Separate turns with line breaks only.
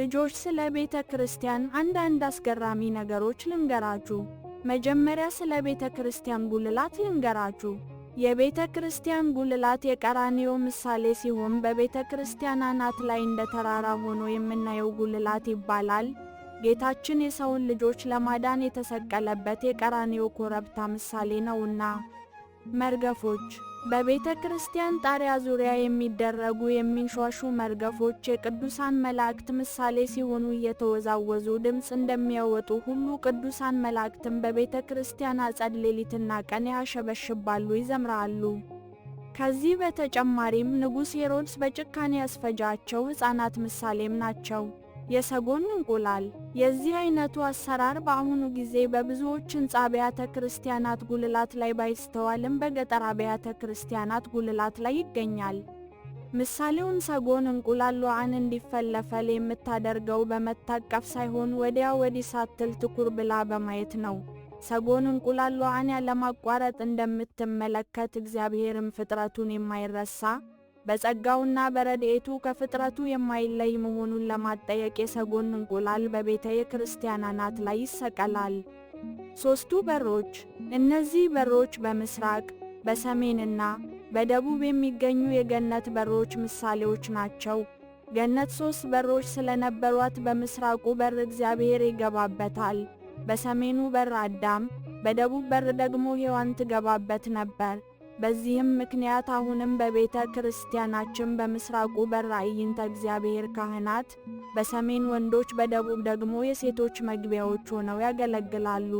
ልጆች ስለ ቤተ ክርስቲያን አንዳንድ አስገራሚ ነገሮች ልንገራችሁ። መጀመሪያ ስለ ቤተ ክርስቲያን ጉልላት ልንገራችሁ። የቤተ ክርስቲያን ጉልላት የቀራኒዮ ምሳሌ ሲሆን በቤተ ክርስቲያን አናት ላይ እንደ ተራራ ሆኖ የምናየው ጉልላት ይባላል። ጌታችን የሰውን ልጆች ለማዳን የተሰቀለበት የቀራኒዮ ኮረብታ ምሳሌ ነውና። መርገፎች በቤተ ክርስቲያን ጣሪያ ዙሪያ የሚደረጉ የሚንሿሹ መርገፎች የቅዱሳን መላእክት ምሳሌ ሲሆኑ እየተወዛወዙ ድምፅ እንደሚያወጡ ሁሉ ቅዱሳን መላእክትም በቤተ ክርስቲያን አጸድ ሌሊትና ቀን ያሸበሽባሉ፣ ይዘምራሉ። ከዚህ በተጨማሪም ንጉሥ ሄሮድስ በጭካኔ ያስፈጃቸው ሕፃናት ምሳሌም ናቸው። የሰጎን እንቁላል። የዚህ አይነቱ አሰራር በአሁኑ ጊዜ በብዙዎች ህንፃ አብያተ ክርስቲያናት ጉልላት ላይ ባይስተዋልም በገጠር አብያተ ክርስቲያናት ጉልላት ላይ ይገኛል። ምሳሌውን ሰጎን እንቁላል ሉዓን እንዲፈለፈል የምታደርገው በመታቀፍ ሳይሆን ወዲያ ወዲህ ሳትል ትኩር ብላ በማየት ነው። ሰጎን እንቁላል ሉዓን ያለማቋረጥ እንደምትመለከት እግዚአብሔርም ፍጥረቱን የማይረሳ በጸጋውና በረድኤቱ ከፍጥረቱ የማይለይ መሆኑን ለማጠየቅ የሰጎን እንቁላል በቤተ ክርስቲያን አናት ላይ ይሰቀላል። ሦስቱ በሮች እነዚህ በሮች በምስራቅ በሰሜንና በደቡብ የሚገኙ የገነት በሮች ምሳሌዎች ናቸው። ገነት ሦስት በሮች ስለነበሯት በምስራቁ በር እግዚአብሔር ይገባበታል። በሰሜኑ በር አዳም፣ በደቡብ በር ደግሞ ሔዋን ትገባበት ነበር። በዚህም ምክንያት አሁንም በቤተ ክርስቲያናችን በምስራቁ በራእይንተ እግዚአብሔር ካህናት፣ በሰሜን ወንዶች፣ በደቡብ ደግሞ የሴቶች መግቢያዎች ሆነው ያገለግላሉ።